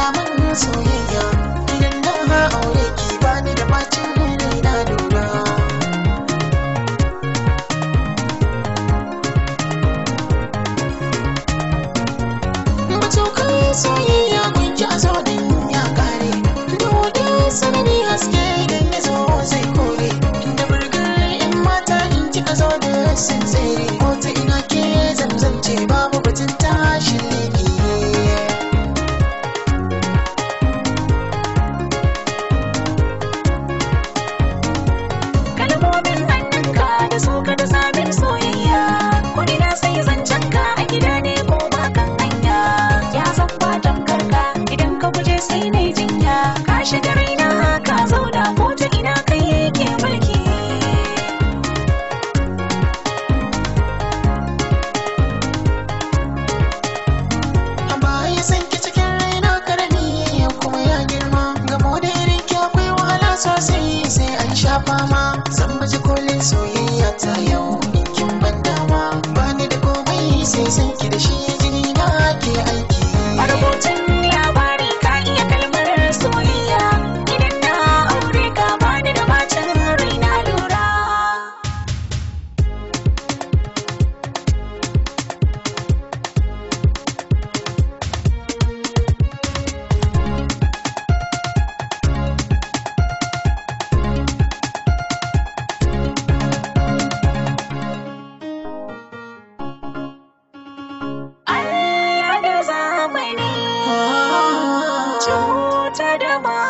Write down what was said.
nuna min soyayya idan na ma aure ki bani da bacin rai na lura Mataukan soyayya kun ki a zo ya kare haske idan ya zai kori, Da burgar 'yan mata in kika zo da sun zai zamani cuta da ma